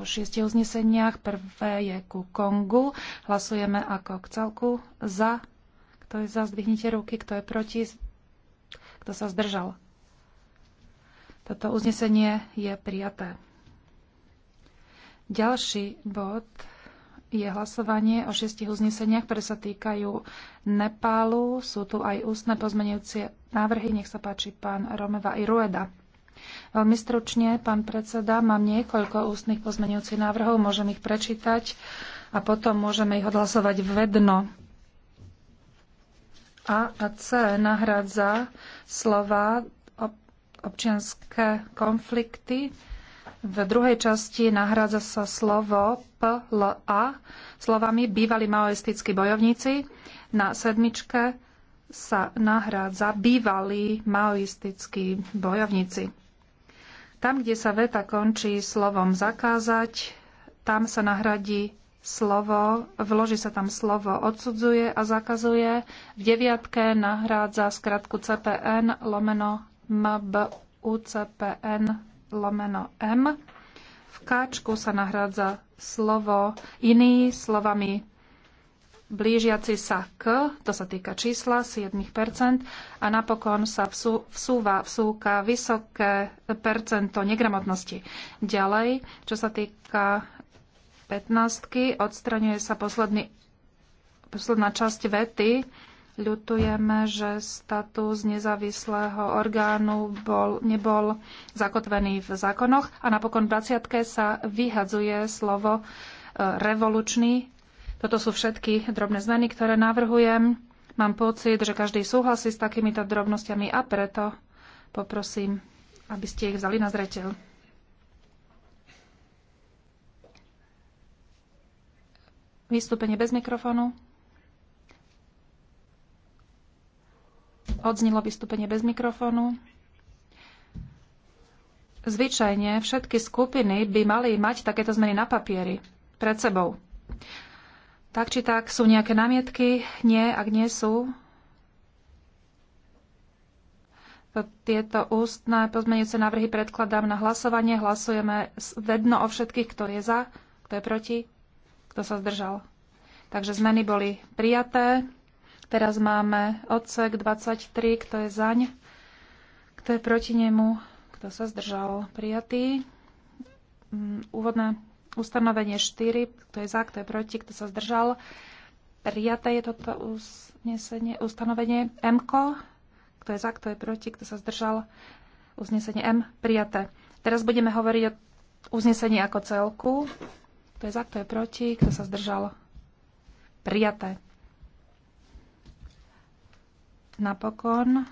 o šiestich uzneseniach. Prvé je ku Kongu. Hlasujeme ako k celku za. Kto je za, zdvihnite ruky. Kto je proti, kto sa zdržal. Toto uznesenie je prijaté. Ďalší bod je hlasovanie o šiestich uzneseniach, ktoré sa týkajú Nepálu. Sú tu aj ústne pozmenujúce návrhy. Nech sa páči pán Romeva Rueda. Veľmi stručne, pán predseda, mám niekoľko ústnych pozmenujúcich návrhov, môžem ich prečítať a potom môžeme ich odhlasovať vedno. A a C nahradza slova občianské konflikty. V druhej časti nahradza sa slovo PLA slovami bývali maoistickí bojovníci. Na sedmičke sa nahrádza bývalí maoistickí bojovníci. Tam, kde sa veta končí slovom zakázať, tam sa nahradí slovo, vloží sa tam slovo odsudzuje a zakazuje. V deviatke nahrádza skratku CPN lomeno MBUCPN lomeno M. V káčku sa nahrádza slovo iný slovami blížiaci sa k, to sa týka čísla 7%, a napokon sa vsú, vsúva, vsúka vysoké percento negramotnosti. Ďalej, čo sa týka 15, odstraňuje sa posledný, posledná časť vety. Ľutujeme, že status nezávislého orgánu bol, nebol zakotvený v zákonoch a napokon v 20 sa vyhadzuje slovo e, revolučný toto sú všetky drobné zmeny, ktoré navrhujem. Mám pocit, že každý súhlasí s takýmito drobnosťami a preto poprosím, aby ste ich vzali na zreteľ. Vystúpenie bez mikrofónu. Odznilo vystúpenie bez mikrofónu. Zvyčajne všetky skupiny by mali mať takéto zmeny na papieri pred sebou. Tak či tak, sú nejaké námietky? Nie, ak nie sú. Tieto ústne pozmeniace návrhy predkladám na hlasovanie. Hlasujeme vedno o všetkých, kto je za, kto je proti, kto sa zdržal. Takže zmeny boli prijaté. Teraz máme odsek 23, kto je zaň, kto je proti nemu, kto sa zdržal. Prijatý. Mm, úvodné Ustanovenie 4, kto je za, kto je proti, kto sa zdržal. Prijaté je toto uznesenie, ustanovenie M. -ko. Kto je za, kto je proti, kto sa zdržal. Uznesenie M. Prijaté. Teraz budeme hovoriť o uznesení ako celku. Kto je za, kto je proti, kto sa zdržal. Prijaté. Napokon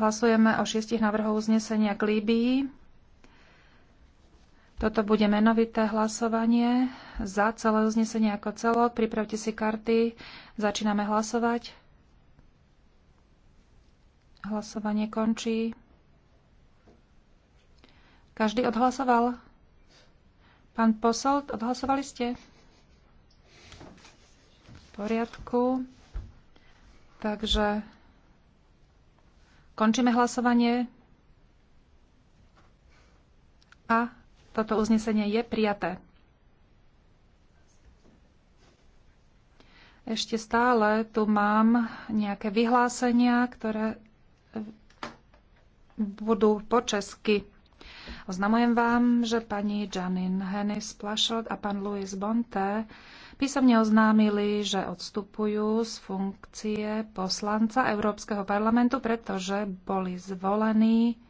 hlasujeme o šiestich návrhov uznesenia k Líbii. Toto bude menovité hlasovanie za celé uznesenie ako celo. Pripravte si karty. Začíname hlasovať. Hlasovanie končí. Každý odhlasoval? Pán posol, odhlasovali ste? V poriadku. Takže končíme hlasovanie. A toto uznesenie je prijaté. Ešte stále tu mám nejaké vyhlásenia, ktoré budú po česky. Oznamujem vám, že pani Janin Hennis Plašot a pán Louis Bonte písomne oznámili, že odstupujú z funkcie poslanca Európskeho parlamentu, pretože boli zvolení